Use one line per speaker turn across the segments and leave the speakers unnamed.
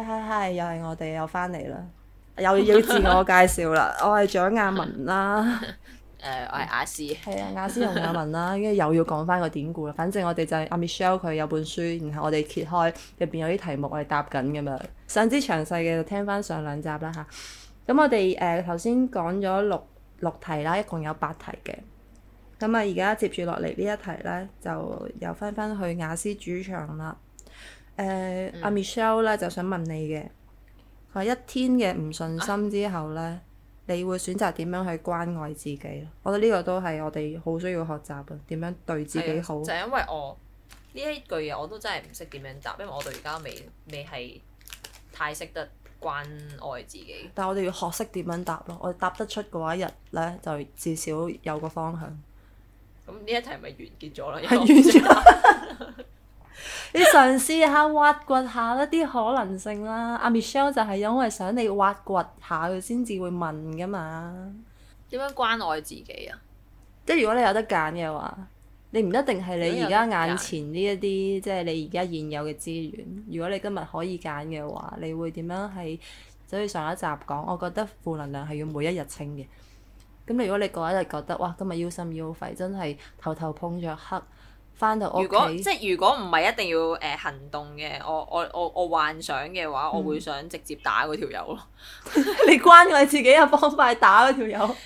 係係係，又係我哋又翻嚟啦，又要自我介紹啦。我係蔣雅文啦。誒，我係雅思係啊，雅思同雅文啦，跟住又要講翻個典故啦。反正我哋就係阿 Michelle 佢有本書，然後我哋揭開入邊有啲題目我， 我哋答緊咁樣。想知詳細嘅就聽翻上兩集啦吓，咁我哋誒頭先講咗六六題啦，一共有八題嘅。咁啊，而家接住落嚟呢一題咧，就又翻翻去雅思主場啦。誒，阿、uh, Michelle 咧、嗯、就想問你嘅，喺一天嘅唔順心之後呢，啊、你會選擇點樣去關愛自己？我覺得呢個都係我哋好需要學習嘅，點樣對自己好。就係，因
為我呢一句嘢，我都真係唔識點樣答，因為我到而家未未係太識得關愛自己。
但係我哋要學識點樣答咯，我答得出嘅話，一日呢，就至少有個方向。
咁呢、嗯、一題咪完結
咗啦？ 沒 你嘗試下挖掘下一啲可能性啦、啊，阿 Michelle 就係因為想你挖掘下佢先至會問噶嘛。
點樣關愛自己啊？
即係如果你有得揀嘅話，你唔一定係你而家眼前呢一啲，即係你而家現有嘅資源。如果你今日可以揀嘅話，你會點樣喺？所以上一集講，我覺得負能量係要每一日清嘅。咁如果你嗰一日覺得，哇！今日腰心腰肺真係頭頭碰着黑。翻到屋企，即係
如果唔係一定要誒行動嘅，我我我我幻想嘅話，我會想直接打嗰條友咯。
你關愛自己啊，方法打嗰條友。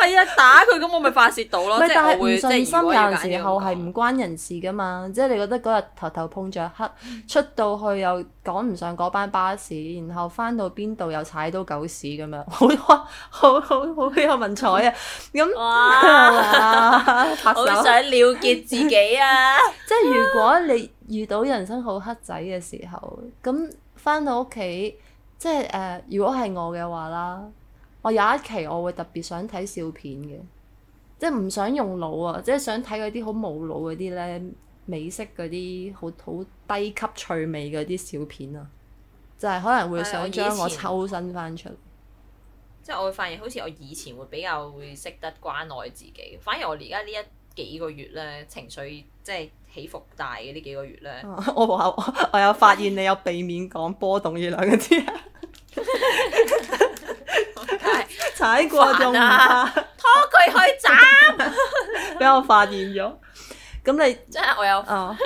係啊，打佢咁我咪發泄到咯。唔係，但係唔信心有時
候係唔關人事㗎嘛。即係你覺得嗰日頭頭碰着黑，出到去又趕唔上嗰班巴士，然後翻到邊度又踩到狗屎咁樣，好啊，好好好有文采啊。咁，好想了結自己啊！ 即係如果你遇到人生好黑仔嘅時候，咁翻到屋企，即係誒、呃，如果係我嘅話啦，我有一期我會特別想睇笑片嘅，即係唔想用腦啊，即係想睇嗰啲好冇腦嗰啲咧，美式嗰啲好好低級趣味嗰啲笑片啊，就係、是、可能會想將、哎、我，我抽身翻出嚟。
即係我會發現好似我以前會比較會識得關愛自己，反而我而家呢一。幾個月咧，情緒即係起伏大嘅呢幾個月咧，
我我有發現你有避免講波動呢兩個字，
踩過重啊，拖佢去斬，
俾 我發現咗。咁你
即係我有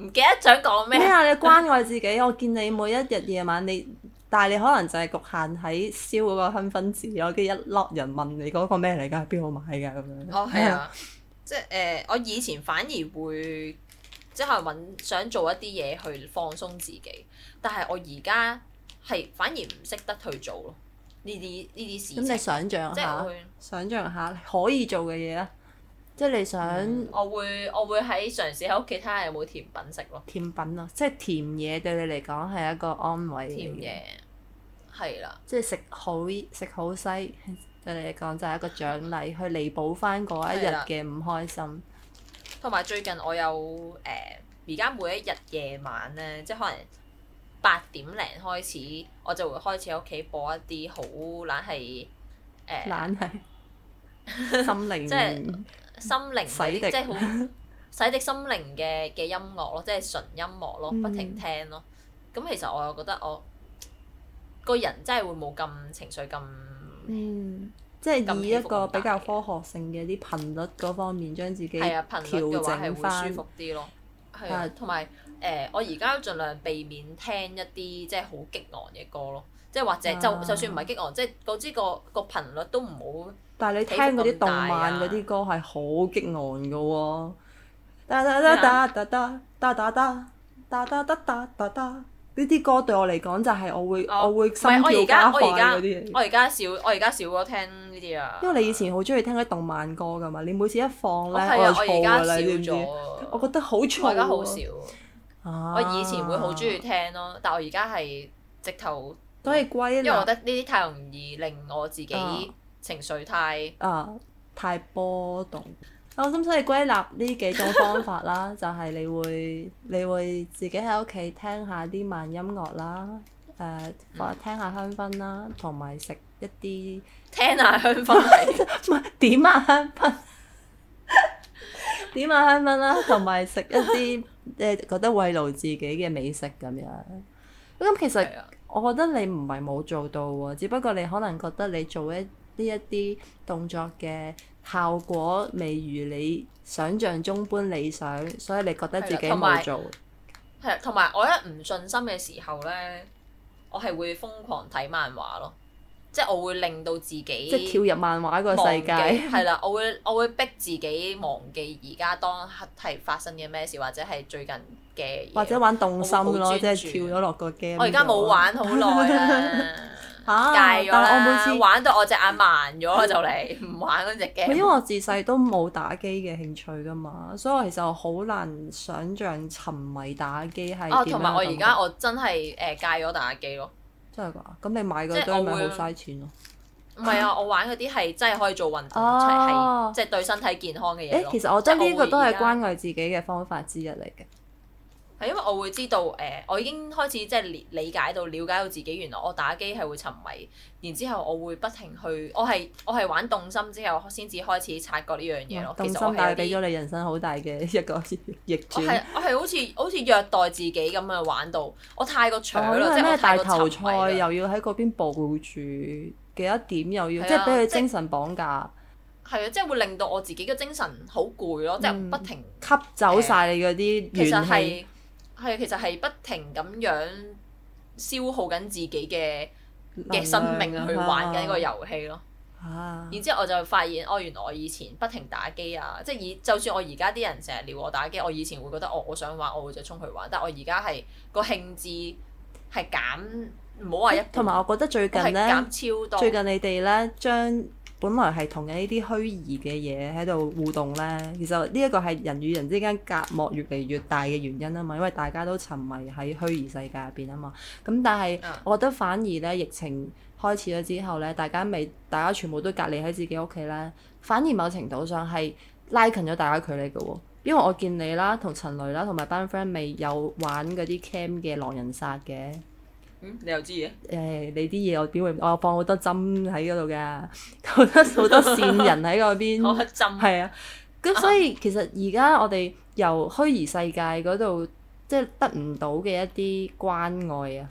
唔記得想講咩？咩啊？你
關愛自己， 我見你每一日夜晚你，但係你可能就係局限喺燒嗰個香薰紙，有啲一落人問你嗰個咩嚟㗎？邊度買㗎？咁樣哦，係啊。
即係誒、呃，我以前反而會即係揾想做一啲嘢去放鬆自己，但係我而家係反而唔識得去做咯呢啲呢啲事咁、嗯、你想象像下，
想像下可以做嘅嘢啊！即係你想，嗯、
我會我會喺嘗試喺屋企睇下有冇甜品食咯。
甜品咯，即、就、係、是、甜嘢對你嚟講係一個安慰。甜嘢係啦，即係食好食好西。對你嚟講，就係、是、一個獎勵，去彌補翻嗰一日嘅唔開心。
同埋最近我有誒，而、呃、家每一日夜晚咧，即係可能八點零開始，我就會開始喺屋企播一啲好懶係誒、呃、懶
係心， 心靈，即係洗
滌心靈，即係好洗滌心靈嘅嘅音樂咯， 即係純音樂咯，不停聽咯。咁、嗯、其實我又覺得我個人真係會冇咁情緒咁。
嗯，即係以一個比較科學性嘅啲頻率嗰方面，將自己調整返舒服
啲咯。係啊，同埋誒，我而家都盡量避免聽一啲即係好激昂嘅歌咯。即係或者就就算唔係激昂，即係嗰支個個頻率都唔
好。但係你聽嗰啲動漫嗰啲歌係好激昂㗎喎。噠噠噠噠噠噠噠噠噠噠噠噠噠噠。呢啲歌對我嚟講就係我會、啊、我會心跳加快嗰啲。我而
家少我而家少咗聽呢啲啊。因為
你以前好中意聽啲動漫歌㗎嘛，你每次一放咧我又錯啦，你知唔知？我覺得好錯。我而家好少。啊、我以前會好中意
聽咯，但我而家係直頭
都係歸。因為我覺得
呢啲太容易令我自己情緒太啊，啊
太波動。我心所以歸納呢幾種方法啦，就係、是、你會你會自己喺屋企聽下啲慢音樂啦，誒、呃、或聽下香薰啦，同埋食一啲聽下香薰，唔係 點下、啊、香薰， 點下、啊、香薰啦，同埋食一啲誒覺得慰勞自己嘅美食咁樣。咁其實我覺得你唔係冇做到喎，只不過你可能覺得你做一呢一啲動作嘅效果未如你想像中般理想，所以你覺得自己冇做。
係啊，同埋我一唔信心嘅時候咧，我係會瘋狂睇漫畫咯，即係我會令到自己即係跳入
漫畫個世界。係
啦，我會我會逼自己忘記而家當刻係發生嘅咩事，或者係最近嘅。
或者玩動心咯，轉轉即係跳咗落個 game。我而家冇玩好耐啦。
戒咗，我每次玩到我隻眼盲咗就嚟，唔玩嗰隻機。因為我自細
都冇打機嘅興趣噶嘛，所以我其實好難想象沉迷打機係點。同埋我而家我
真係誒戒咗打機咯。
真係㗎？咁你買嗰堆咪好嘥錢咯？唔係
啊，我玩嗰啲係真係可以做運動，係即係對身體健康嘅嘢。欸，其實我覺得呢個都係關
愛自己嘅方法之一嚟嘅。
係因為我會知道，誒、呃，我已經開始即係理解到、瞭解到自己，原來我打機係會沉迷。然之後我會不停去，我係我係玩動心之後，先至開始察覺呢樣嘢咯。動心帶俾咗
你人生好大嘅一個逆轉。
我係好似好似虐待自己咁樣玩到，我太過搶啦！即係咩大頭
菜又要喺嗰邊抱住幾多點，又要、嗯、即係俾佢精神綁架。
係啊，即係會令到我自己嘅精神好攰咯，嗯、即係不停
吸走晒你嗰啲其實係。
係，其實係不停咁樣消耗緊自己嘅嘅生命去玩緊呢個遊戲咯。啊，然之後我就發現，哦，原來我以前不停打機啊，即係以就算我而家啲人成日撩我打機，我以前會覺得我我想玩，我會再衝去玩。但係我而家係個興致係減，
唔好話一。同埋我覺得最近咧減超多。最近你哋咧將。將本來係同緊呢啲虛擬嘅嘢喺度互動呢，其實呢一個係人與人之間隔膜越嚟越大嘅原因啊嘛，因為大家都沉迷喺虛擬世界入邊啊嘛。咁但係我覺得反而呢，疫情開始咗之後呢，大家未，大家全部都隔離喺自己屋企呢，反而某程度上係拉近咗大家距離嘅喎。因為我見你啦，同陳雷啦，同埋班 friend 未有玩嗰啲 cam 嘅狼人殺嘅。
嗯、
你又知嘅？誒、欸，你啲嘢我表妹，我放好多針喺嗰度㗎，好多好多線人喺嗰邊。好多針。係啊，咁所以其實而家我哋由虛擬世界嗰度，即係得唔到嘅一啲關愛啊，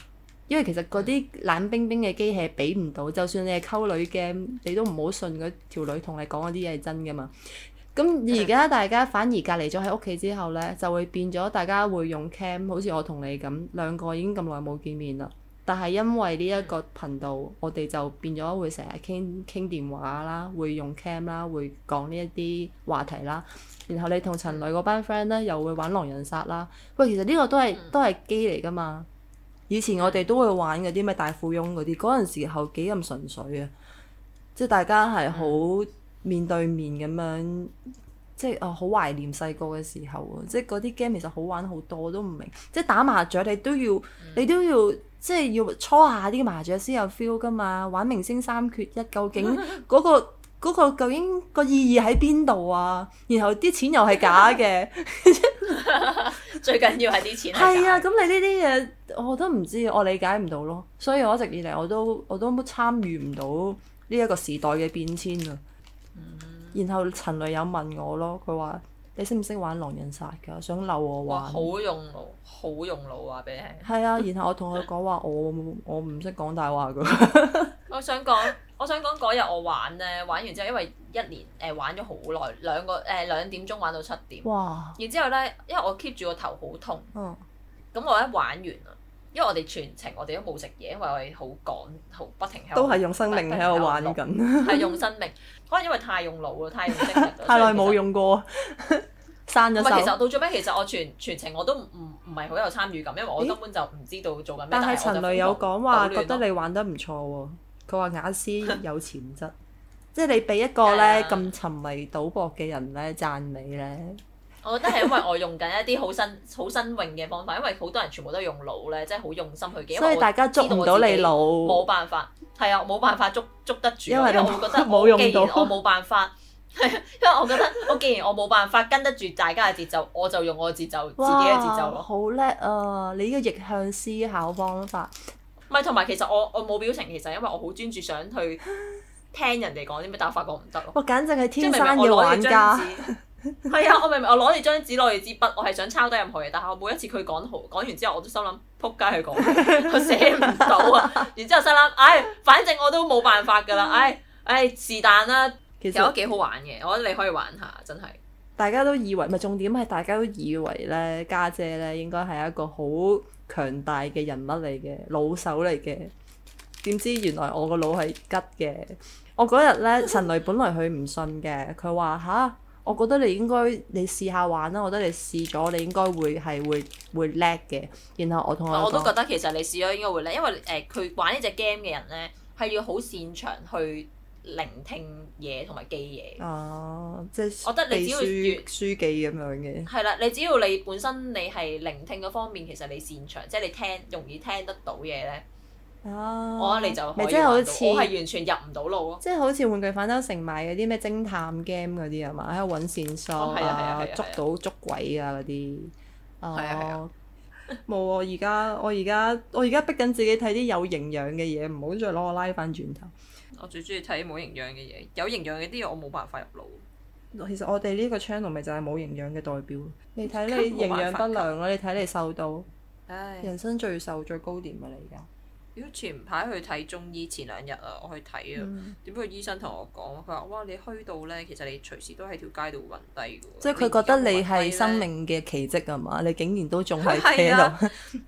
因為其實嗰啲冷冰冰嘅機器俾唔到，就算你係溝女 game，你都唔好信嗰條女同你講嗰啲嘢係真㗎嘛。咁而家大家反而隔離咗喺屋企之後咧，就會變咗大家會用 cam，好似我同你咁，兩個已經咁耐冇見面啦。但係因為呢一個頻道，我哋就變咗會成日傾傾電話啦，會用 cam 啦，會講呢一啲話題啦。然後你同陳女嗰班 friend 咧，又會玩狼人殺啦。喂，其實呢個都係都係機嚟㗎嘛。以前我哋都會玩嗰啲咩大富翁嗰啲，嗰陣時候幾咁純粹啊！即係大家係好面對面咁樣。嗯面即係啊，好、呃、懷念細個嘅時候啊！即係嗰啲 game 其實好玩好多，我都唔明。即係打麻雀，你都要，mm. 你都要，即係要搓下啲麻雀先有 feel 噶嘛。玩明星三缺一，究竟嗰個，嗰個究竟個意義喺邊度啊？然後啲錢又係假嘅，
最緊要係啲錢係假。
係啊，咁你呢啲嘢我都唔知，我理解唔到咯。所以我一直以嚟我都我都參與唔到呢一個時代嘅變遷啊。Mm. 然後陳雷有問我咯，佢話：你識唔識玩狼人殺㗎？想留我玩。哇！好
用腦，好用腦話俾你聽。
係啊，然後我同佢講話，我我唔識講大話噶 。
我想講，我想講嗰日我玩咧，玩完之後，因為一年誒、呃、玩咗好耐，兩個誒兩、呃、點鐘玩到七點。哇！然之後咧，因為我 keep 住個頭好痛。嗯。咁我一玩完啊～因為我哋全程我哋都冇食嘢，因為我哋好趕，好不停喺度。都係用生命喺度
玩緊。係 用
生命，可能因為太用腦啦，太用精
力。 太耐冇用過，散 咗手。唔係，其實到
最尾，其實我全全程我都唔唔係好有參與感，因為我根本就唔知道做緊咩。咦但係陳律有講話，覺得你
玩得唔錯喎。佢話雅思有潛質， 即係你俾一個咧咁沉迷賭博嘅人咧讚你咧。
我覺得係因為我用緊一啲好新好新穎嘅方法，因為好多人全部都用腦咧，即係好用心去記。因為大家捉唔到你腦，冇辦法。係啊，冇辦法捉捉得住。因為我覺得冇用到，冇辦法。 因，為因為我覺得我既然我冇辦， 辦法跟得住大家嘅節奏，我就用我嘅節奏，哇自己嘅節奏咯。
好叻啊！你呢個逆向思考方法。
咪同埋其實我我冇表情，其實因為我好專注，想去聽人哋講啲咩打法，但我發覺唔得咯。
我簡直係天生嘅玩家。
係啊， 我明明我攞住張紙，攞住支筆，我係想抄低任何嘢，但係我每一次佢講好講完之後，我都心諗扑街去講，
佢寫
唔到啊。然之後心諗，唉、哎，反正我都冇辦法噶啦，唉、哎、唉，哎、說是但啦。
其實都幾好玩
嘅，我覺得你可以玩下，真係。
大家都以為咪重點係大家都以為咧，家姐咧應該係一個好強大嘅人物嚟嘅，老手嚟嘅。點知原來我個腦係吉嘅。我嗰日咧，神雷本來佢唔信嘅，佢話吓。我覺得你應該你試下玩啦，我覺得你試咗你應該會係會會叻嘅。然後我同我，我都覺得
其實你試咗應該會叻，因為誒佢、呃、玩呢隻 game 嘅人咧係要好擅長去聆聽嘢同埋記嘢。
哦、啊，即係我覺得你只要書越書記咁樣嘅。
係啦，你只要你本身你係聆聽嗰方面其實你擅長，即係你聽容易聽得到嘢咧。
哦，我嚟就咪即係好似我係完
全入唔到路、啊，
即係好似玩具反斗城買嗰啲咩偵探 game 嗰啲啊嘛，喺度揾線索啊，哦、啊啊啊捉到捉鬼啊嗰啲。係啊，冇啊！而家、啊啊、 我而家我而家逼緊自己睇啲有營養嘅嘢，唔好再攞我拉翻轉頭。
我最中意睇冇營養嘅嘢，有營養嗰啲嘢我冇辦法入
腦。其實我哋呢個 channel 咪就係冇營養嘅代表。你睇你營養不良啊！你睇你瘦到，唉，人生最瘦最高點啊你！你而家。
如果前排去睇中醫，前兩日啊，我去睇啊，點解、嗯、醫生同我講，佢話：哇，你虛到呢，其實你隨時都喺條街度暈低。即係佢覺得你係
生命嘅奇蹟啊嘛？嗯、你竟然都仲喺度。佢話、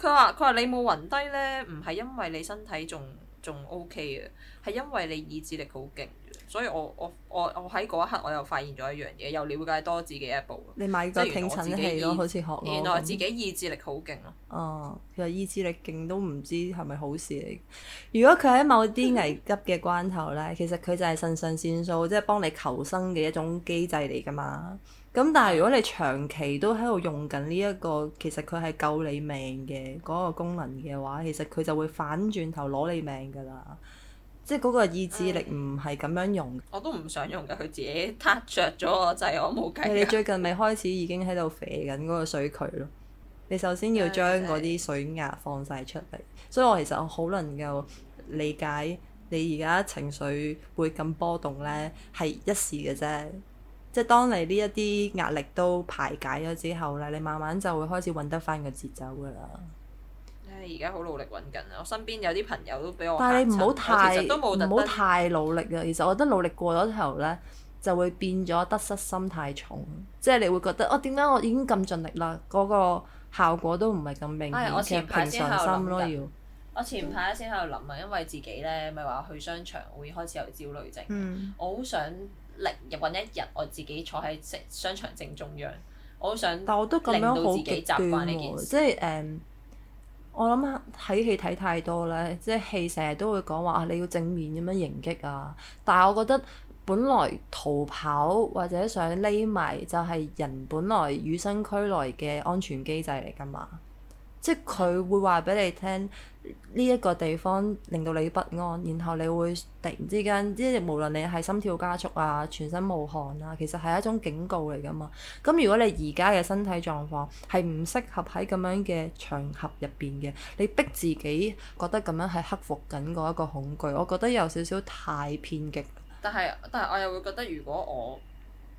啊：
佢話 你冇暈低呢？唔係因為你身體仲仲 OK 啊，係因為你意志力好勁。所以我我我我喺嗰一刻我又發現咗一樣嘢，又了解多了自己一步。你買個聽診器咯，好似學，原來自己意志力好勁
咯。哦，佢意志力勁都唔知係咪好事嚟？如果佢喺某啲危急嘅關頭咧， 其實佢就係腎上腺素，即係幫你求生嘅一種機制嚟噶嘛。咁但係如果你長期都喺度用緊呢一個，其實佢係救你命嘅嗰個功能嘅話，其實佢就會反轉頭攞你命噶啦。即係嗰個意志力唔係咁樣用，
我都唔想用嘅。佢自己踏着咗我，就係、是、我冇計。你最
近咪開始已經喺度肥緊嗰個水渠咯？你首先要將嗰啲水壓放晒出嚟，所以我其實我好能夠理解你而家情緒會咁波動，呢係一時嘅啫。即係當你呢一啲壓力都排解咗之後呢，你慢慢就會開始搵得返個節奏㗎啦。
而家好努力揾緊啊！我身邊有啲朋友都俾我，但係你唔好太唔好太
努力啊！其實我覺得努力過咗頭咧，就會變咗得失心太重，即係你會覺得哦，點解我已經咁盡力啦，嗰、嗰個效果都唔係咁明顯嘅平常心咯。要、
哎、我前排先喺度諗啊，因為自己咧咪話去商場會開始有焦慮症，我好、um, 嗯、想力揾一日我自己坐喺商場正中央，我好想
但我都咁樣令到自己習慣呢件事、嗯，即係誒。Um, 我諗睇戲睇太多咧，即係戲成日都會講話啊，你要正面咁樣迎擊啊。但係我覺得，本來逃跑或者想匿埋就係人本來與生俱來嘅安全機制嚟㗎嘛。即係佢會話俾你聽呢一個地方令到你不安，然後你會突然之間，即係無論你係心跳加速啊、全身冒汗啊，其實係一種警告嚟㗎嘛。咁如果你而家嘅身體狀況係唔適合喺咁樣嘅場合入邊嘅，你逼自己覺得咁樣係克服緊嗰一個恐懼，我覺得有少少太偏激。
但係，但係我又會覺得，如果我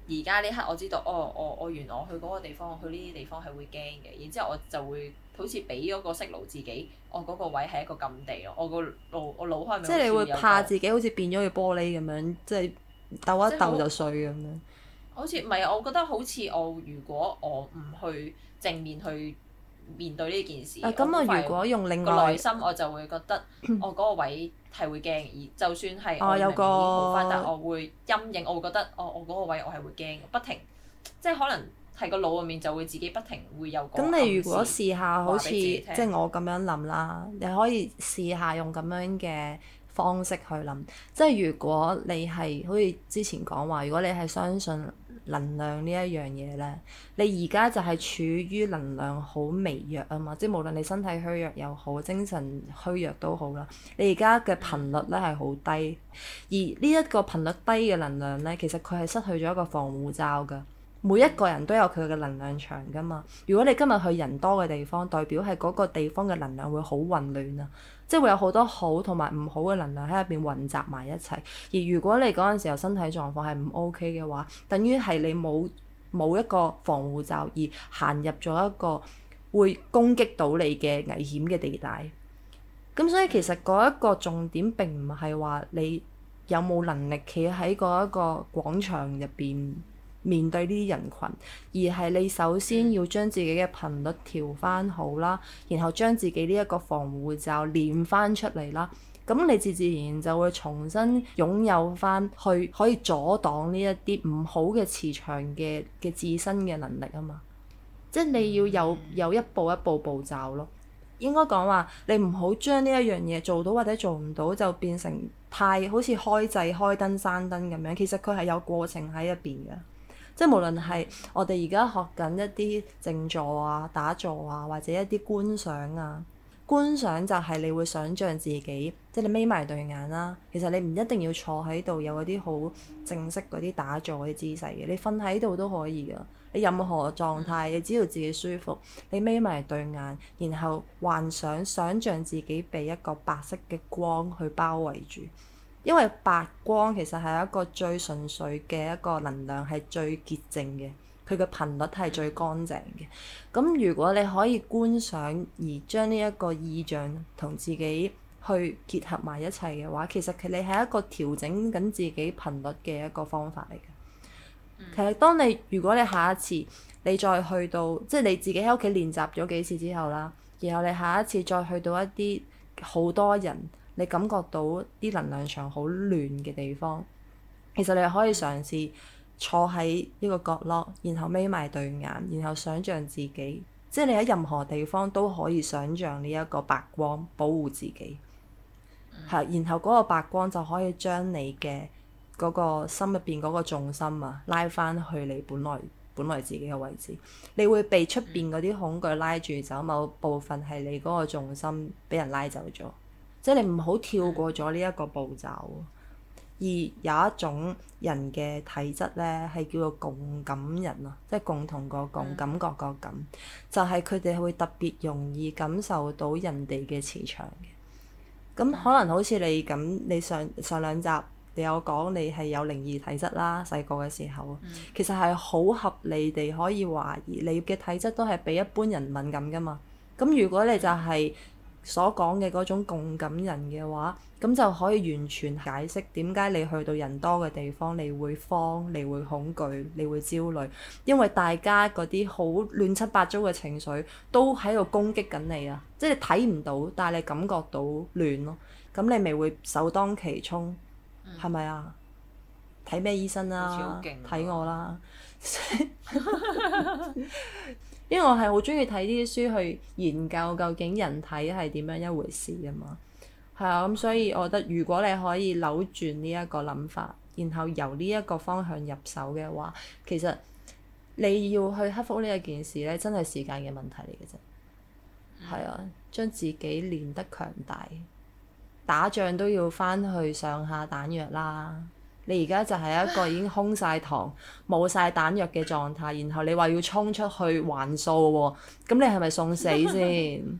而家呢刻我知道，哦，我我原來我去嗰個地方，我去呢啲地方係會驚嘅。然之後我就會好似俾嗰個訊號自己，我、哦、嗰、嗰個位係一個禁地咯。我個腦，我腦開咪？即係你會怕自己
好似變咗個玻璃咁樣，即係鬥一鬥就碎咁樣。
好似唔係，我覺得好似我如果我唔去正面去，面對呢件事，咁、啊、我不如果用另外個心，我就會覺得我嗰個位係會驚， 而就算係我、啊、有係已經但係我會陰影，我會覺得、哦、我我嗰個位我係會驚，不停，即係可能喺個腦入面就會自己不停會有。咁你如果試下好似即係我
咁樣諗啦，你可以試下用咁樣嘅方式去諗，即係如果你係好似之前講話，如果你係相信。能量呢一樣嘢呢，你而家就係處於能量好微弱啊嘛，即係無論你身體虛弱又好，精神虛弱都好啦。你而家嘅頻率咧係好低，而呢一個頻率低嘅能量呢，其實佢係失去咗一個防護罩㗎。每一個人都有佢嘅能量場㗎嘛。如果你今日去人多嘅地方，代表係嗰個地方嘅能量會好混亂啊。即係會有好多好同埋唔好嘅能量喺入邊混雜埋一齊，而如果你嗰陣時候身體狀況係唔 OK 嘅話，等於係你冇冇一個防護罩而行入咗一個會攻擊到你嘅危險嘅地帶。咁所以其實嗰一個重點並唔係話你有冇能力企喺嗰一個廣場入邊，面對呢啲人群，而係你首先要將自己嘅頻率調翻好啦，然後將自己呢一個防護罩練翻出嚟啦。咁你自自然然就會重新擁有翻去可以阻擋呢一啲唔好嘅磁場嘅嘅自身嘅能力啊嘛。即係你要有有一步一步步驟咯。應該講話你唔好將呢一樣嘢做到或者做唔到就變成太好似開掣、開燈、閂燈咁樣。其實佢係有過程喺入邊嘅。即係無論係我哋而家學緊一啲靜坐啊、打坐啊，或者一啲觀想啊。觀想就係你會想象自己，即係你眯埋對眼啦。其實你唔一定要坐喺度有嗰啲好正式嗰啲打坐嗰啲姿勢嘅，你瞓喺度都可以㗎。你任何狀態，你只要自己舒服，你眯埋對眼，然後幻想、想象自己被一個白色嘅光去包圍住。因為白光其實係一個最純粹嘅一個能量，係最潔淨嘅，佢嘅頻率係最乾淨嘅。咁如果你可以觀想而將呢一個意象同自己去結合埋一齊嘅話，其實佢你係一個調整緊自己頻率嘅一個方法嚟嘅。嗯、其實當你如果你下一次你再去到，即係你自己喺屋企練習咗幾次之後啦，然後你下一次再去到一啲好多人，你感覺到啲能量場好亂嘅地方，其實你可以嘗試坐喺呢個角落，然後眯埋對眼，然後想像自己，即係你喺任何地方都可以想像呢一個白光保護自己，係、嗯，然後嗰個白光就可以將你嘅嗰個心入邊嗰個重心啊，拉返去你本來本來自己嘅位置。你會被出邊嗰啲恐懼拉住走，某部分係你嗰個重心俾人拉走咗。即係你唔好跳過咗呢一個步驟，的而有一種人嘅體質咧係叫做共感人啊，即係共同個共的感覺個感，就係佢哋會特別容易感受到人哋嘅磁場嘅。咁的可能好似你咁，你上上兩集你有講你係有靈異體質啦，細個嘅時候，的其實係好合理地可以懷疑你嘅體質都係比一般人敏感㗎嘛。咁如果你就係、是所講嘅嗰種共感人嘅話，咁就可以完全解釋點解你去到人多嘅地方，你會慌，你會恐懼，你會焦慮，因為大家嗰啲好亂七八糟嘅情緒都喺度攻擊緊你啊！即係睇唔到，但係你感覺到亂咯，咁你咪會首當其衝，係咪、嗯、啊？睇咩醫生呀？睇我啦！ 因為我係好中意睇呢啲書去研究究竟人體係點樣一回事啊嘛，係啊，咁所以我覺得如果你可以扭轉呢一個諗法，然後由呢一個方向入手嘅話，其實你要去克服呢一件事咧，真係時間嘅問題嚟嘅啫。係啊、嗯，將自己練得強大，打仗都要翻去上下彈藥啦。你而家就係一個已經空晒堂、冇晒彈藥嘅狀態，然後你話要衝出去還數喎，咁你係咪送死先？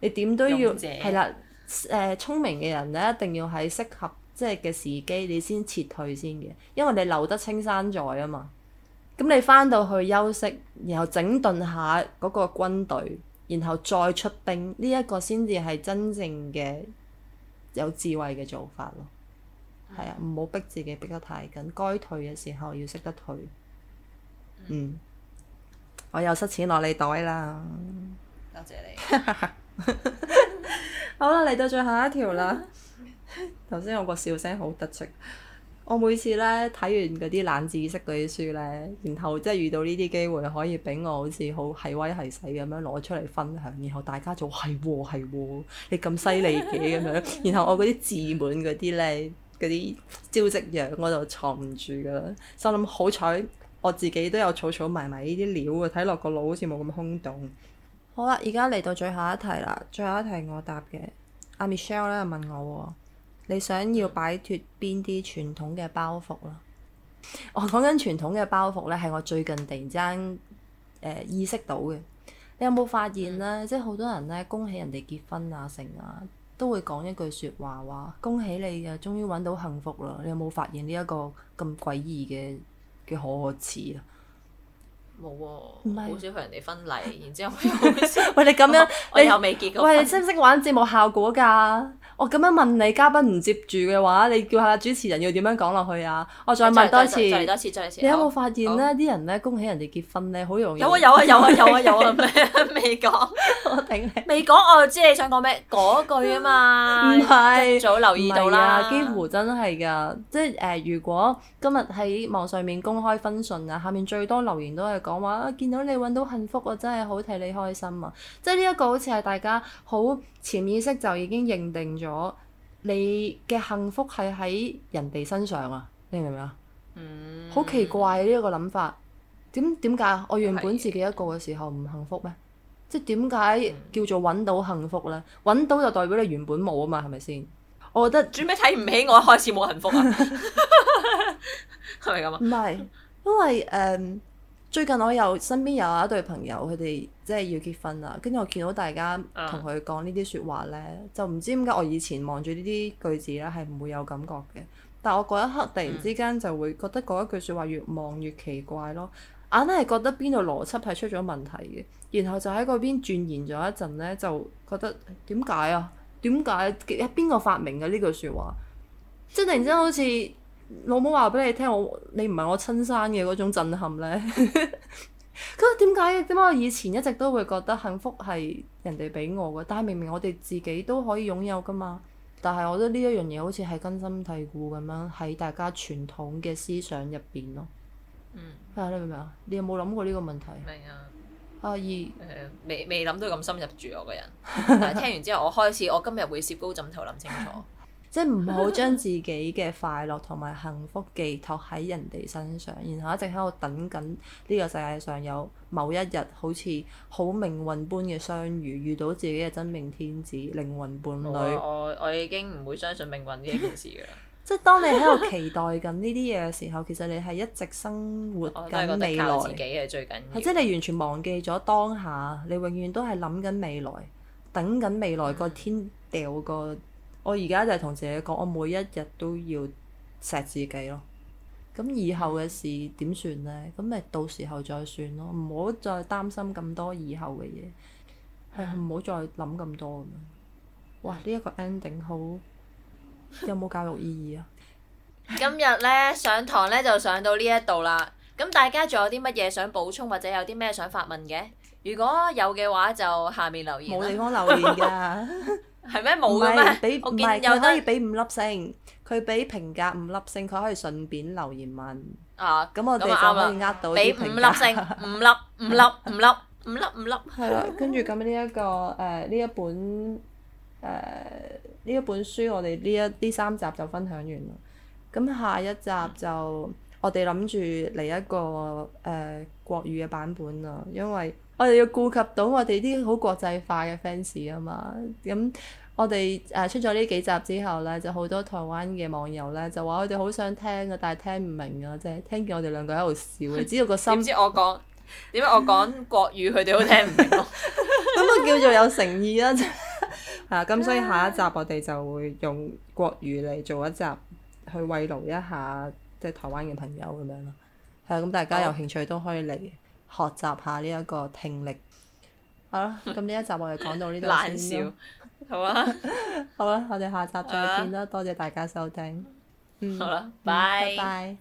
你點都要係啦，誒者、呃，聰明嘅人咧一定要喺適合即係嘅時機，你先撤退先嘅，因為你留得青山在啊嘛。咁你翻到去休息，然後整頓下嗰個軍隊，然後再出兵，呢、這、一個先至係真正嘅有智慧嘅做法咯。係啊，唔好逼自己逼得太緊，該退嘅時候要識得退。Mm hmm. 嗯，我又塞錢落你袋啦。Mm hmm. 多謝你。 好啦，嚟到最後一條啦。頭先、mm hmm. 我個笑聲好突出。我每次呢睇完嗰啲冷知識嗰啲書呢，然後即係遇到呢啲機會可以俾我好似好係威係勢咁樣攞出嚟分享，然後大家就係喎係喎，你咁犀利嘅咁樣， 然後我嗰啲自滿嗰啲呢。嗰啲招積樣我就藏唔住噶啦，心諗，好彩我自己都有儲儲埋埋呢啲料啊，睇落個腦好似冇咁空洞。好啦，而家嚟到最後一題啦，最後一題我答嘅。阿、啊、Michelle 咧問我,你想要擺脫邊啲傳統嘅包袱啦？我講緊傳統嘅包袱咧,係我最近突然之間、呃、意識到嘅。你有冇發現、嗯、呢？即係好多人咧恭喜人哋結婚啊，成啊！都會講一句話說話話恭喜你啊終於揾到幸福啦！你有冇發現呢一個咁詭異嘅嘅可恥啊？
冇是，
唔係好少去人哋婚禮， 然之後 喂你咁樣，我你我又未結過，喂你識唔識玩節目效果噶？我咁樣問你，嘉賓唔接住嘅話，你叫下主持人要點樣講落去啊？我再問多次，再嚟多次，再嚟一次你有冇發現呢啲好人咧，恭喜人哋結婚咧，好容易有、啊。有啊有啊有啊有啊有啊！
未講、 啊？我頂你。未講 我就知你想講咩？嗰 句啊嘛。唔係是。早留意到啦、啊。幾
乎真係㗎，即係誒、呃，如果今日喺網上面公開婚訊啊，下面最多留言都係講話啊，見到你揾到幸福啊，真係好替你開心啊！即係呢一個好似係大家好潛意識就已經認定咗。我你嘅幸福係喺人哋身上啊？你明唔明啊？好、嗯、奇怪呢一個諗法。點點解？我原本自己一個嘅時候唔幸福呢？即係點解叫做揾到幸福呢？揾到就代表你原本冇啊嘛？係咪先？
我覺得最屘睇唔起我，一開始冇幸福啊？
係咪咁啊？唔係，因為誒。最近我又身邊有一對朋友，佢哋即係要結婚啦。跟住我見到大家同佢講呢啲説話呢，uh. 就唔知點解我以前望住呢啲句子咧係唔會有感覺嘅，但我嗰一刻突然之間就會覺得嗰一句説話越望越奇怪咯，硬係覺得邊度邏輯係出咗問題嘅。然後就喺嗰邊轉延咗一陣呢，就覺得點解啊？點解？邊個發明嘅呢句説話？即突然之間好似～老母話俾你聽，我你唔係我親生嘅嗰種震撼呢。咁點解？點解我以前一直都會覺得幸福係人哋俾我嘅，但係明明我哋自己都可以擁有噶嘛。但係我覺得呢一樣嘢好似係根深蒂固咁樣喺大家傳統嘅思想入邊咯。嗯，啊，你明唔明啊？你有冇諗過呢個問題？明啊。阿姨，
未未諗到咁深入住我個人， 但係聽完之後我開始，我今日會攝高枕頭諗
清楚。 即係唔好將自己嘅快樂同埋幸福寄託喺人哋身上，然後一直喺度等緊呢個世界上有某一日好似好命運般嘅相遇，遇到自己嘅真命天子、靈魂伴侶。
我已經唔會相信命運呢件事㗎喇。
即係當你喺度期待緊呢啲嘢嘅時候， 其實你係一直生活緊未來。靠自己
係最緊要。即係你
完全忘記咗當下，你永遠都係諗緊未來，等緊未來個天掉個。 我而家就係同自己講，我每一日都要錫自己咯。咁以後嘅事點算呢？咁咪到時候再算咯，唔好再擔心咁多以後嘅嘢，係，唔好再諗咁多咁樣。哇！呢一個 ending 好，有冇教育意義啊？
今日呢，上堂呢就上到呢一度啦。咁大家仲有啲乜嘢想補充或者有啲咩想發問嘅？如果有嘅話，就下面留言。冇地方留言㗎。 係咩冇嘅咩？我見佢唔係可以
俾五粒星，佢俾評價五粒星，佢可以順便留言問。啊，咁我哋就可以呃到啲評價，俾五粒星，五粒，五粒，五粒，五粒，五粒。係咯，跟住咁樣呢一個誒呢一本誒呢、呃、一本書我一，我哋呢一呢三集就分享完啦。咁下一集就。嗯我哋諗住嚟一個誒、呃、國語嘅版本啊，因為我哋要顧及到我哋啲好國際化嘅 fans 啊嘛。咁、嗯、我哋誒、啊、出咗呢幾集之後咧，就好多台灣嘅網友咧就話：佢哋好想聽啊，但係聽唔明啊，即係聽見我哋兩個喺度笑，你知道個心。點知我講？
點解我講國語佢哋都聽
唔明？咁啊叫做有誠意啊！啊，咁所以下一集我哋就會用國語嚟做一集去慰勞一下。即係台灣嘅朋友咁樣咯，係、嗯、啊，咁、嗯、大家有興趣都可以嚟學習下呢一個聽力，嗯、好啦，咁呢一集我哋講到呢度先，好啊， 好啦，我哋下集再見啦，啊、多謝大家收聽，嗯、好啦、啊，拜拜。嗯，拜拜。